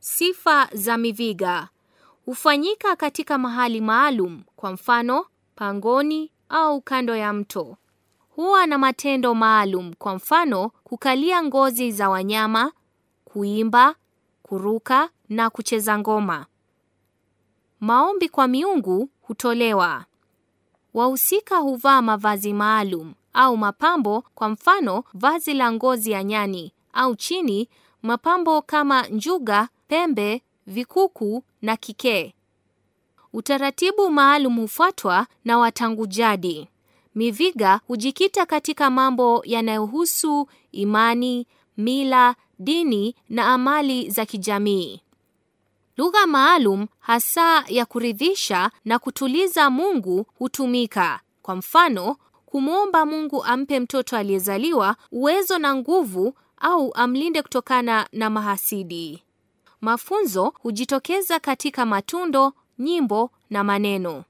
Sifa za miviga hufanyika katika mahali maalum, kwa mfano pangoni au kando ya mto. Huwa na matendo maalum, kwa mfano kukalia ngozi za wanyama, kuimba, kuruka na kucheza ngoma. Maombi kwa miungu hutolewa. Wahusika huvaa mavazi maalum au mapambo, kwa mfano vazi la ngozi ya nyani au chini, mapambo kama njuga pembe, vikuku na kikee. Utaratibu maalum hufuatwa na watangu jadi. Miviga hujikita katika mambo yanayohusu imani, mila, dini na amali za kijamii. Lugha maalum hasa ya kuridhisha na kutuliza Mungu hutumika. Kwa mfano, kumwomba Mungu ampe mtoto aliyezaliwa uwezo na nguvu au amlinde kutokana na mahasidi. Mafunzo hujitokeza katika matundo, nyimbo na maneno.